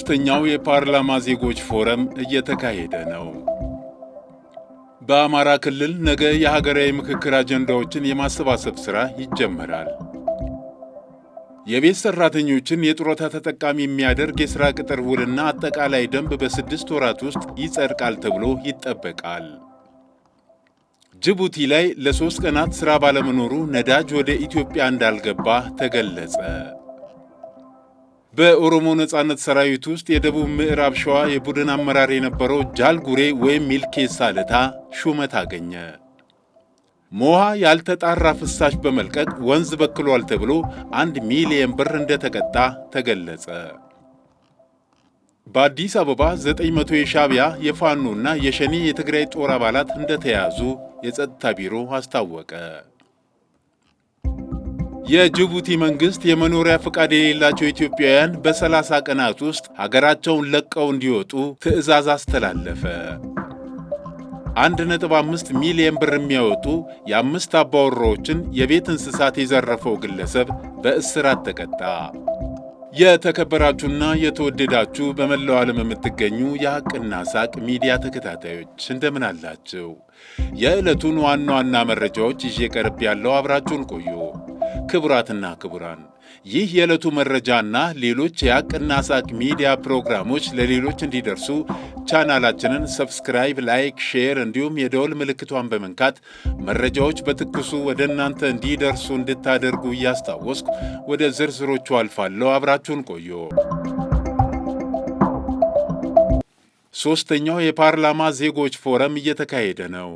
አምስተኛው የፓርላማ ዜጎች ፎረም እየተካሄደ ነው። በአማራ ክልል ነገ የሀገራዊ ምክክር አጀንዳዎችን የማሰባሰብ ሥራ ይጀመራል። የቤት ሠራተኞችን የጡረታ ተጠቃሚ የሚያደርግ የሥራ ቅጥር ውልና አጠቃላይ ደንብ በስድስት ወራት ውስጥ ይጸድቃል ተብሎ ይጠበቃል። ጅቡቲ ላይ ለሦስት ቀናት ሥራ ባለመኖሩ ነዳጅ ወደ ኢትዮጵያ እንዳልገባ ተገለጸ። በኦሮሞ ነጻነት ሰራዊት ውስጥ የደቡብ ምዕራብ ሸዋ የቡድን አመራር የነበረው ጃልጉሬ ወይም ሚልኬሳ ለታ ሹመት አገኘ። ሞሃ ያልተጣራ ፍሳሽ በመልቀቅ ወንዝ በክሏል ተብሎ አንድ ሚሊየን ብር እንደተቀጣ ተገለጸ። በአዲስ አበባ 900 የሻዕቢያ የፋኖና የሸኔ የትግራይ ጦር አባላት እንደተያዙ የጸጥታ ቢሮ አስታወቀ። የጅቡቲ መንግስት የመኖሪያ ፈቃድ የሌላቸው ኢትዮጵያውያን በሰላሳ ቀናት ውስጥ ሀገራቸውን ለቀው እንዲወጡ ትዕዛዝ አስተላለፈ። 1.5 ሚሊዮን ብር የሚያወጡ የአምስት አባወራዎችን የቤት እንስሳት የዘረፈው ግለሰብ በእስራት ተቀጣ። የተከበራችሁና የተወደዳችሁ በመላው ዓለም የምትገኙ የሐቅና ሳቅ ሚዲያ ተከታታዮች እንደምን አላችሁ? የዕለቱን ዋና ዋና መረጃዎች ይዤ ቀርብ ያለው አብራችሁን ቆዩ። ክቡራትና ክቡራን ይህ የዕለቱ መረጃና ሌሎች የአቅና ሳቅ ሚዲያ ፕሮግራሞች ለሌሎች እንዲደርሱ ቻናላችንን ሰብስክራይብ፣ ላይክ፣ ሼር እንዲሁም የደወል ምልክቷን በመንካት መረጃዎች በትኩሱ ወደ እናንተ እንዲደርሱ እንድታደርጉ እያስታወስኩ ወደ ዝርዝሮቹ አልፋለሁ። አብራችሁን ቆዩ። ሦስተኛው የፓርላማ ዜጎች ፎረም እየተካሄደ ነው።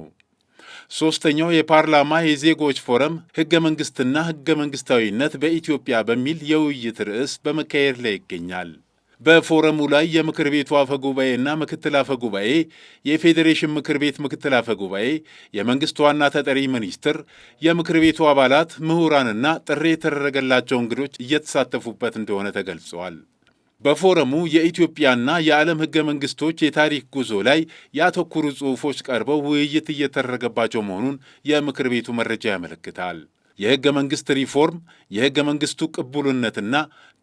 ሶስተኛው የፓርላማ የዜጎች ፎረም ህገ መንግስትና ህገ መንግስታዊነት በኢትዮጵያ በሚል የውይይት ርዕስ በመካሄድ ላይ ይገኛል። በፎረሙ ላይ የምክር ቤቱ አፈ ጉባኤና ምክትል አፈ ጉባኤ፣ የፌዴሬሽን ምክር ቤት ምክትል አፈ ጉባኤ፣ የመንግስት ዋና ተጠሪ ሚኒስትር፣ የምክር ቤቱ አባላት፣ ምሁራንና ጥሪ የተደረገላቸው እንግዶች እየተሳተፉበት እንደሆነ ተገልጸዋል። በፎረሙ የኢትዮጵያና የዓለም ህገ መንግስቶች የታሪክ ጉዞ ላይ ያተኮሩ ጽሑፎች ቀርበው ውይይት እየተደረገባቸው መሆኑን የምክር ቤቱ መረጃ ያመለክታል። የህገ መንግስት ሪፎርም፣ የህገ መንግስቱ ቅቡልነትና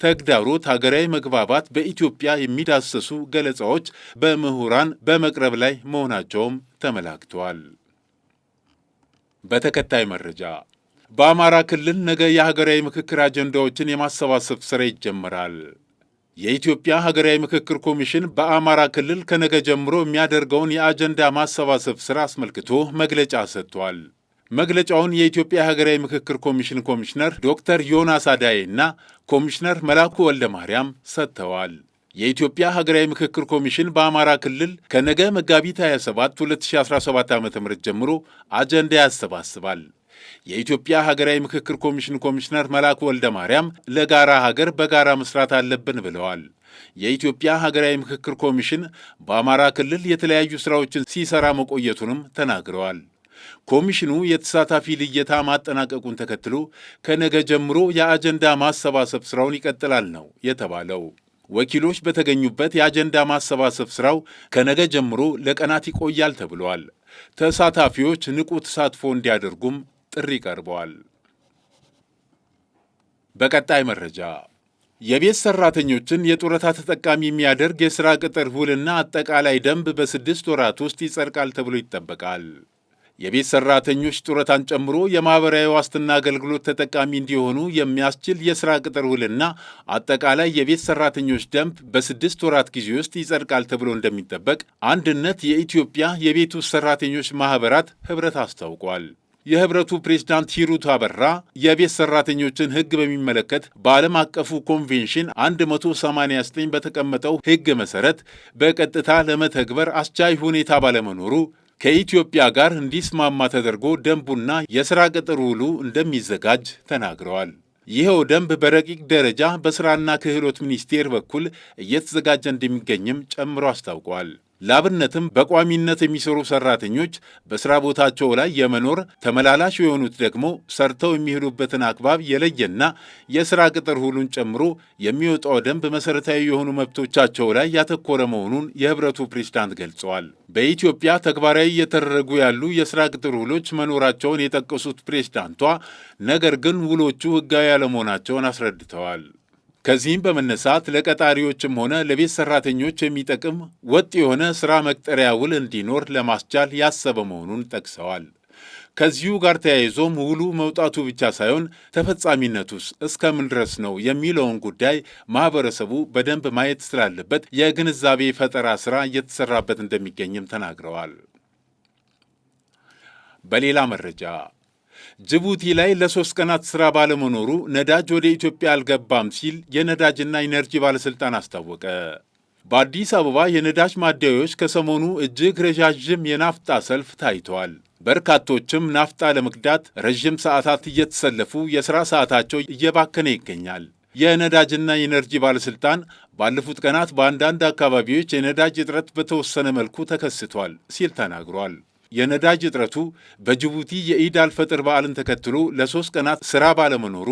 ተግዳሮት፣ ሀገራዊ መግባባት በኢትዮጵያ የሚዳሰሱ ገለጻዎች በምሁራን በመቅረብ ላይ መሆናቸውም ተመላክተዋል። በተከታይ መረጃ በአማራ ክልል ነገ የሀገራዊ ምክክር አጀንዳዎችን የማሰባሰብ ስራ ይጀመራል። የኢትዮጵያ ሀገራዊ ምክክር ኮሚሽን በአማራ ክልል ከነገ ጀምሮ የሚያደርገውን የአጀንዳ ማሰባሰብ ስራ አስመልክቶ መግለጫ ሰጥቷል። መግለጫውን የኢትዮጵያ ሀገራዊ ምክክር ኮሚሽን ኮሚሽነር ዶክተር ዮናስ አዳዬ እና ኮሚሽነር መላኩ ወልደ ማርያም ሰጥተዋል። የኢትዮጵያ ሀገራዊ ምክክር ኮሚሽን በአማራ ክልል ከነገ መጋቢት 27 2017 ዓ ም ጀምሮ አጀንዳ ያሰባስባል። የኢትዮጵያ ሀገራዊ ምክክር ኮሚሽን ኮሚሽነር መላኩ ወልደ ማርያም ለጋራ ሀገር በጋራ መስራት አለብን ብለዋል። የኢትዮጵያ ሀገራዊ ምክክር ኮሚሽን በአማራ ክልል የተለያዩ ስራዎችን ሲሰራ መቆየቱንም ተናግረዋል። ኮሚሽኑ የተሳታፊ ልየታ ማጠናቀቁን ተከትሎ ከነገ ጀምሮ የአጀንዳ ማሰባሰብ ስራውን ይቀጥላል ነው የተባለው። ወኪሎች በተገኙበት የአጀንዳ ማሰባሰብ ስራው ከነገ ጀምሮ ለቀናት ይቆያል ተብሏል። ተሳታፊዎች ንቁ ተሳትፎ እንዲያደርጉም ጥሪ ቀርቧል። በቀጣይ መረጃ የቤት ሰራተኞችን የጡረታ ተጠቃሚ የሚያደርግ የሥራ ቅጥር ውልና አጠቃላይ ደንብ በስድስት ወራት ውስጥ ይጸድቃል ተብሎ ይጠበቃል። የቤት ሰራተኞች ጡረታን ጨምሮ የማኅበራዊ ዋስትና አገልግሎት ተጠቃሚ እንዲሆኑ የሚያስችል የሥራ ቅጥር ውልና አጠቃላይ የቤት ሰራተኞች ደንብ በስድስት ወራት ጊዜ ውስጥ ይጸድቃል ተብሎ እንደሚጠበቅ አንድነት የኢትዮጵያ የቤት ውስጥ ሰራተኞች ማኅበራት ኅብረት አስታውቋል። የህብረቱ ፕሬዝዳንት ሂሩት አበራ የቤት ሰራተኞችን ህግ በሚመለከት በዓለም አቀፉ ኮንቬንሽን 189 በተቀመጠው ህግ መሰረት በቀጥታ ለመተግበር አስቻይ ሁኔታ ባለመኖሩ ከኢትዮጵያ ጋር እንዲስማማ ተደርጎ ደንቡና የሥራ ቅጥር ውሉ እንደሚዘጋጅ ተናግረዋል። ይኸው ደንብ በረቂቅ ደረጃ በሥራና ክህሎት ሚኒስቴር በኩል እየተዘጋጀ እንደሚገኝም ጨምሮ አስታውቋል። ለአብነትም በቋሚነት የሚሰሩ ሰራተኞች በስራ ቦታቸው ላይ የመኖር ተመላላሽ የሆኑት ደግሞ ሰርተው የሚሄዱበትን አግባብ የለየና የስራ ቅጥር ሁሉን ጨምሮ የሚወጣው ደንብ መሰረታዊ የሆኑ መብቶቻቸው ላይ ያተኮረ መሆኑን የህብረቱ ፕሬዝዳንት ገልጸዋል። በኢትዮጵያ ተግባራዊ እየተደረጉ ያሉ የስራ ቅጥር ውሎች መኖራቸውን የጠቀሱት ፕሬዝዳንቷ ነገር ግን ውሎቹ ህጋዊ ያለመሆናቸውን አስረድተዋል። ከዚህም በመነሳት ለቀጣሪዎችም ሆነ ለቤት ሰራተኞች የሚጠቅም ወጥ የሆነ ሥራ መቅጠሪያ ውል እንዲኖር ለማስቻል ያሰበ መሆኑን ጠቅሰዋል። ከዚሁ ጋር ተያይዞም ውሉ መውጣቱ ብቻ ሳይሆን ተፈጻሚነቱስ እስከምን ድረስ ነው የሚለውን ጉዳይ ማህበረሰቡ በደንብ ማየት ስላለበት የግንዛቤ ፈጠራ ስራ እየተሰራበት እንደሚገኝም ተናግረዋል። በሌላ መረጃ ጅቡቲ ላይ ለሶስት ቀናት ስራ ባለመኖሩ ነዳጅ ወደ ኢትዮጵያ አልገባም ሲል የነዳጅና ኢነርጂ ባለሥልጣን አስታወቀ። በአዲስ አበባ የነዳጅ ማደያዎች ከሰሞኑ እጅግ ረዣዥም የናፍጣ ሰልፍ ታይተዋል። በርካቶችም ናፍጣ ለመቅዳት ረዥም ሰዓታት እየተሰለፉ የሥራ ሰዓታቸው እየባከነ ይገኛል። የነዳጅና ኢነርጂ ባለሥልጣን ባለፉት ቀናት በአንዳንድ አካባቢዎች የነዳጅ እጥረት በተወሰነ መልኩ ተከስቷል ሲል ተናግሯል። የነዳጅ እጥረቱ በጅቡቲ የኢድ አልፈጥር በዓልን ተከትሎ ለሶስት ቀናት ስራ ባለመኖሩ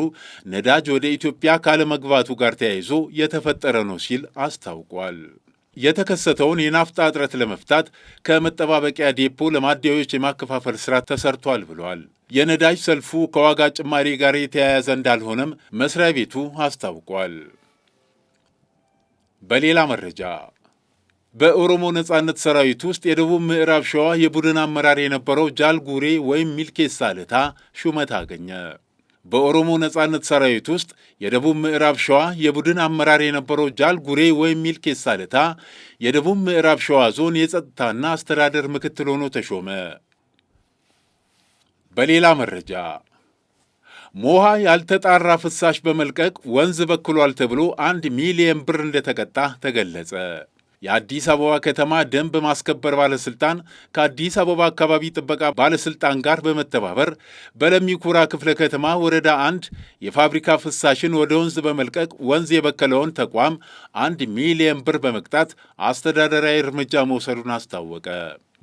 ነዳጅ ወደ ኢትዮጵያ ካለመግባቱ ጋር ተያይዞ የተፈጠረ ነው ሲል አስታውቋል። የተከሰተውን የናፍጣ እጥረት ለመፍታት ከመጠባበቂያ ዴፖ ለማደያዎች የማከፋፈል ስራ ተሰርቷል ብለዋል። የነዳጅ ሰልፉ ከዋጋ ጭማሪ ጋር የተያያዘ እንዳልሆነም መስሪያ ቤቱ አስታውቋል። በሌላ መረጃ በኦሮሞ ነጻነት ሰራዊት ውስጥ የደቡብ ምዕራብ ሸዋ የቡድን አመራር የነበረው ጃልጉሬ ወይም ሚልኬሳ ሳልታ ሹመት አገኘ። በኦሮሞ ነጻነት ሰራዊት ውስጥ የደቡብ ምዕራብ ሸዋ የቡድን አመራር የነበረው ጃልጉሬ ወይም ሚልኬሳ ለታ የደቡብ ምዕራብ ሸዋ ዞን የጸጥታና አስተዳደር ምክትል ሆኖ ተሾመ። በሌላ መረጃ ሞሃ ያልተጣራ ፍሳሽ በመልቀቅ ወንዝ በክሏል ተብሎ አንድ ሚሊየን ብር እንደተቀጣ ተገለጸ። የአዲስ አበባ ከተማ ደንብ ማስከበር ባለስልጣን ከአዲስ አበባ አካባቢ ጥበቃ ባለስልጣን ጋር በመተባበር በለሚኩራ ክፍለ ከተማ ወረዳ አንድ የፋብሪካ ፍሳሽን ወደ ወንዝ በመልቀቅ ወንዝ የበከለውን ተቋም አንድ ሚሊየን ብር በመቅጣት አስተዳደራዊ እርምጃ መውሰዱን አስታወቀ።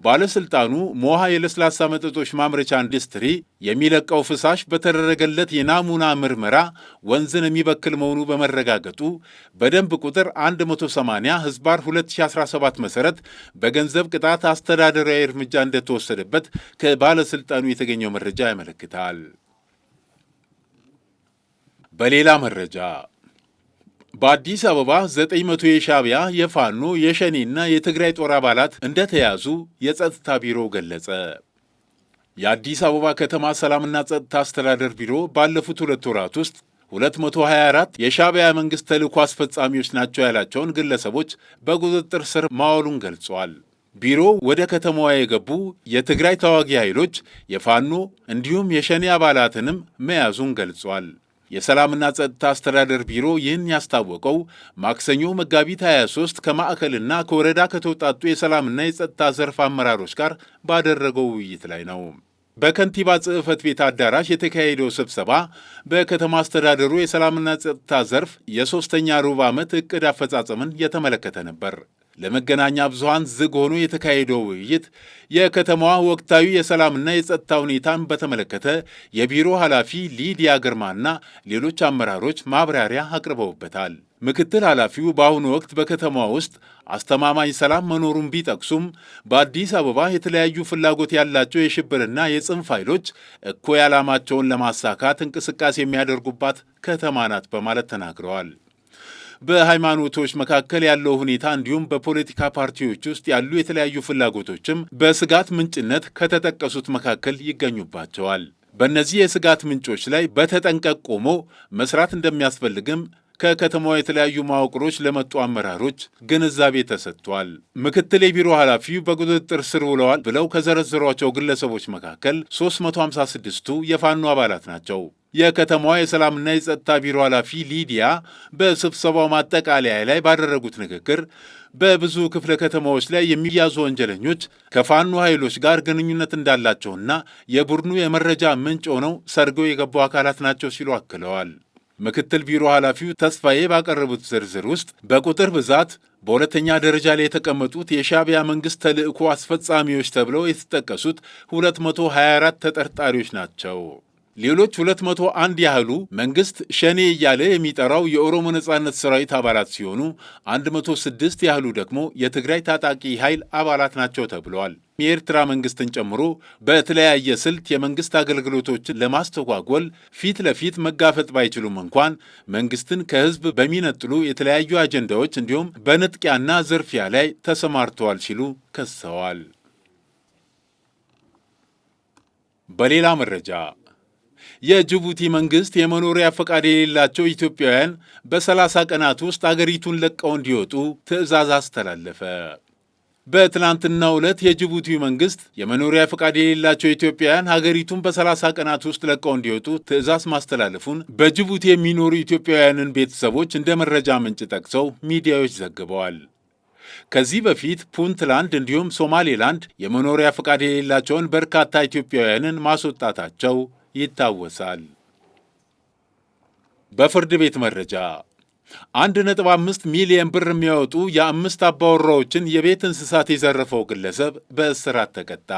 ባለስልጣኑ ሞሃ የለስላሳ መጠጦች ማምረቻ ኢንዱስትሪ የሚለቀው ፍሳሽ በተደረገለት የናሙና ምርመራ ወንዝን የሚበክል መሆኑ በመረጋገጡ በደንብ ቁጥር 180 ህዝባር 2017 መሰረት በገንዘብ ቅጣት አስተዳደራዊ እርምጃ እንደተወሰደበት ከባለስልጣኑ የተገኘው መረጃ ያመለክታል። በሌላ መረጃ በአዲስ አበባ 900 የሻቢያ የፋኖ የሸኔና የትግራይ ጦር አባላት እንደተያዙ የጸጥታ ቢሮ ገለጸ። የአዲስ አበባ ከተማ ሰላምና ጸጥታ አስተዳደር ቢሮ ባለፉት ሁለት ወራት ውስጥ 224 የሻቢያ መንግሥት ተልኮ አስፈጻሚዎች ናቸው ያላቸውን ግለሰቦች በቁጥጥር ስር ማዋሉን ገልጿል። ቢሮ ወደ ከተማዋ የገቡ የትግራይ ተዋጊ ኃይሎች የፋኖ እንዲሁም የሸኔ አባላትንም መያዙን ገልጿል። የሰላምና ጸጥታ አስተዳደር ቢሮ ይህን ያስታወቀው ማክሰኞ መጋቢት 23 ከማዕከልና ከወረዳ ከተውጣጡ የሰላምና የጸጥታ ዘርፍ አመራሮች ጋር ባደረገው ውይይት ላይ ነው። በከንቲባ ጽህፈት ቤት አዳራሽ የተካሄደው ስብሰባ በከተማ አስተዳደሩ የሰላምና ጸጥታ ዘርፍ የሶስተኛ ሩብ ዓመት ዕቅድ አፈጻጸምን የተመለከተ ነበር። ለመገናኛ ብዙሃን ዝግ ሆኖ የተካሄደው ውይይት የከተማዋ ወቅታዊ የሰላምና የጸጥታ ሁኔታን በተመለከተ የቢሮ ኃላፊ ሊዲያ ግርማና ሌሎች አመራሮች ማብራሪያ አቅርበውበታል። ምክትል ኃላፊው በአሁኑ ወቅት በከተማዋ ውስጥ አስተማማኝ ሰላም መኖሩን ቢጠቅሱም በአዲስ አበባ የተለያዩ ፍላጎት ያላቸው የሽብርና የጽንፍ ኃይሎች እኩይ ዓላማቸውን ለማሳካት እንቅስቃሴ የሚያደርጉባት ከተማ ናት በማለት ተናግረዋል። በሃይማኖቶች መካከል ያለው ሁኔታ እንዲሁም በፖለቲካ ፓርቲዎች ውስጥ ያሉ የተለያዩ ፍላጎቶችም በስጋት ምንጭነት ከተጠቀሱት መካከል ይገኙባቸዋል። በእነዚህ የስጋት ምንጮች ላይ በተጠንቀቅ ቆሞ መስራት እንደሚያስፈልግም ከከተማዋ የተለያዩ መዋቅሮች ለመጡ አመራሮች ግንዛቤ ተሰጥቷል። ምክትል የቢሮ ኃላፊው በቁጥጥር ስር ውለዋል ብለው ከዘረዘሯቸው ግለሰቦች መካከል 356ቱ የፋኖ አባላት ናቸው። የከተማዋ የሰላምና የጸጥታ ቢሮ ኃላፊ ሊዲያ በስብሰባው ማጠቃለያ ላይ ባደረጉት ንግግር በብዙ ክፍለ ከተማዎች ላይ የሚያዙ ወንጀለኞች ከፋኖ ኃይሎች ጋር ግንኙነት እንዳላቸውና የቡድኑ የመረጃ ምንጭ ሆነው ሰርገው የገቡ አካላት ናቸው ሲሉ አክለዋል። ምክትል ቢሮ ኃላፊው ተስፋዬ ባቀረቡት ዝርዝር ውስጥ በቁጥር ብዛት በሁለተኛ ደረጃ ላይ የተቀመጡት የሻዕቢያ መንግሥት ተልዕኮ አስፈጻሚዎች ተብለው የተጠቀሱት 224 ተጠርጣሪዎች ናቸው። ሌሎች 201 ያህሉ መንግስት ሸኔ እያለ የሚጠራው የኦሮሞ ነጻነት ሰራዊት አባላት ሲሆኑ 106 ያህሉ ደግሞ የትግራይ ታጣቂ ኃይል አባላት ናቸው ተብለዋል። የኤርትራ መንግስትን ጨምሮ በተለያየ ስልት የመንግስት አገልግሎቶችን ለማስተጓጎል ፊት ለፊት መጋፈጥ ባይችሉም እንኳን መንግስትን ከህዝብ በሚነጥሉ የተለያዩ አጀንዳዎች እንዲሁም በንጥቂያና ዝርፊያ ላይ ተሰማርተዋል ሲሉ ከሰዋል። በሌላ መረጃ የጅቡቲ መንግስት የመኖሪያ ፈቃድ የሌላቸው ኢትዮጵያውያን በ30 ቀናት ውስጥ አገሪቱን ለቀው እንዲወጡ ትዕዛዝ አስተላለፈ። በትናንትናው ዕለት የጅቡቲ መንግስት የመኖሪያ ፈቃድ የሌላቸው ኢትዮጵያውያን ሀገሪቱን በ30 ቀናት ውስጥ ለቀው እንዲወጡ ትዕዛዝ ማስተላለፉን በጅቡቲ የሚኖሩ ኢትዮጵያውያንን ቤተሰቦች እንደ መረጃ ምንጭ ጠቅሰው ሚዲያዎች ዘግበዋል። ከዚህ በፊት ፑንትላንድ እንዲሁም ሶማሌላንድ የመኖሪያ ፈቃድ የሌላቸውን በርካታ ኢትዮጵያውያንን ማስወጣታቸው ይታወሳል። በፍርድ ቤት መረጃ አንድ ነጥብ አምስት ሚሊየን ብር የሚያወጡ የአምስት አባወራዎችን የቤት እንስሳት የዘረፈው ግለሰብ በእስራት ተቀጣ።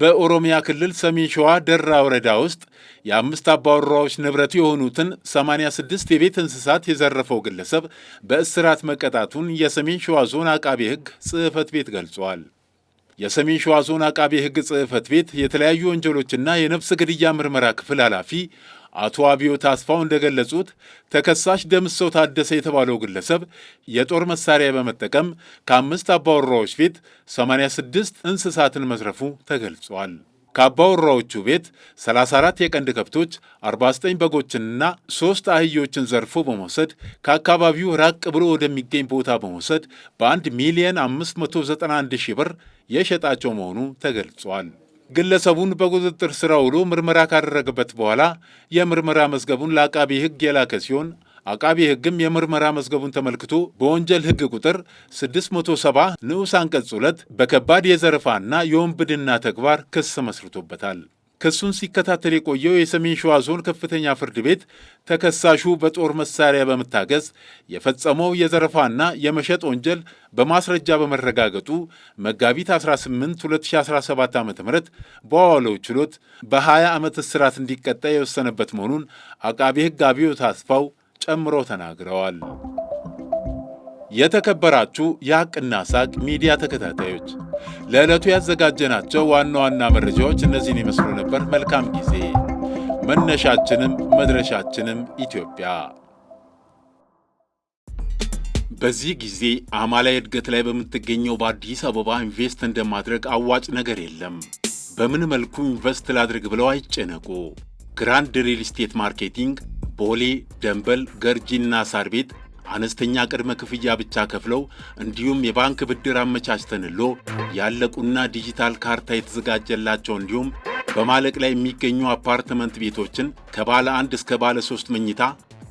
በኦሮሚያ ክልል ሰሜን ሸዋ ደራ ወረዳ ውስጥ የአምስት አባወራዎች ንብረት የሆኑትን 86 የቤት እንስሳት የዘረፈው ግለሰብ በእስራት መቀጣቱን የሰሜን ሸዋ ዞን አቃቤ ሕግ ጽሕፈት ቤት ገልጿል። የሰሜን ሸዋ ዞን አቃቤ ሕግ ጽሕፈት ቤት የተለያዩ ወንጀሎችና የነፍስ ግድያ ምርመራ ክፍል ኃላፊ አቶ አብዮ ታስፋው እንደገለጹት ተከሳሽ ደምሰው ታደሰ የተባለው ግለሰብ የጦር መሳሪያ በመጠቀም ከአምስት አባወራዎች ፊት 86 እንስሳትን መዝረፉ ተገልጿል። ከአባወራዎቹ ቤት 34 የቀንድ ከብቶች፣ 49 በጎችንና ሦስት አህዮችን ዘርፎ በመውሰድ ከአካባቢው ራቅ ብሎ ወደሚገኝ ቦታ በመውሰድ በ1 ሚሊዮን 591 ሺህ ብር የሸጣቸው መሆኑ ተገልጿል። ግለሰቡን በቁጥጥር ስራ ውሎ ምርመራ ካደረገበት በኋላ የምርመራ መዝገቡን ለአቃቢ ሕግ የላከ ሲሆን አቃቢ ሕግም የምርመራ መዝገቡን ተመልክቶ በወንጀል ሕግ ቁጥር 670 ንዑስ አንቀጽ 2 በከባድ የዘረፋና የወንብድና ተግባር ክስ መስርቶበታል። ክሱን ሲከታተል የቆየው የሰሜን ሸዋ ዞን ከፍተኛ ፍርድ ቤት ተከሳሹ በጦር መሳሪያ በመታገዝ የፈጸመው የዘረፋና የመሸጥ ወንጀል በማስረጃ በመረጋገጡ መጋቢት 18 2017 ዓ ም በዋለው ችሎት በ20 ዓመት እስራት እንዲቀጣ የወሰነበት መሆኑን አቃቤ ሕግ አብዮ ታስፋው ጨምሮ ተናግረዋል። የተከበራችሁ የሐቅና ሳቅ ሚዲያ ተከታታዮች ለዕለቱ ያዘጋጀናቸው ዋና ዋና መረጃዎች እነዚህን ይመስሉ ነበር። መልካም ጊዜ። መነሻችንም መድረሻችንም ኢትዮጵያ። በዚህ ጊዜ አማላይ እድገት ላይ በምትገኘው በአዲስ አበባ ኢንቨስት እንደማድረግ አዋጭ ነገር የለም። በምን መልኩ ኢንቨስት ላድርግ ብለው አይጨነቁ። ግራንድ ሪል ስቴት ማርኬቲንግ ቦሌ፣ ደንበል፣ ገርጂና ሳር ቤት አነስተኛ ቅድመ ክፍያ ብቻ ከፍለው እንዲሁም የባንክ ብድር አመቻችተንሎ ያለቁና ዲጂታል ካርታ የተዘጋጀላቸው እንዲሁም በማለቅ ላይ የሚገኙ አፓርትመንት ቤቶችን ከባለ አንድ እስከ ባለ ሶስት መኝታ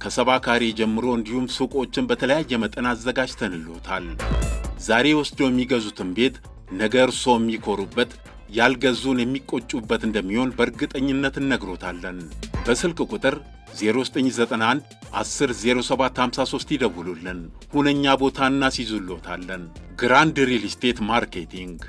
ከሰባ ካሬ ጀምሮ እንዲሁም ሱቆችን በተለያየ መጠን አዘጋጅተንሎታል። ዛሬ ወስዶ የሚገዙትን ቤት ነገ እርሶ የሚኮሩበት ያልገዙን የሚቆጩበት እንደሚሆን በእርግጠኝነት እነግሮታለን። በስልክ ቁጥር 0991 53 ይደውሉልን። ሁነኛ ቦታ እናስይዙልዎታለን። ግራንድ ሪል ስቴት ማርኬቲንግ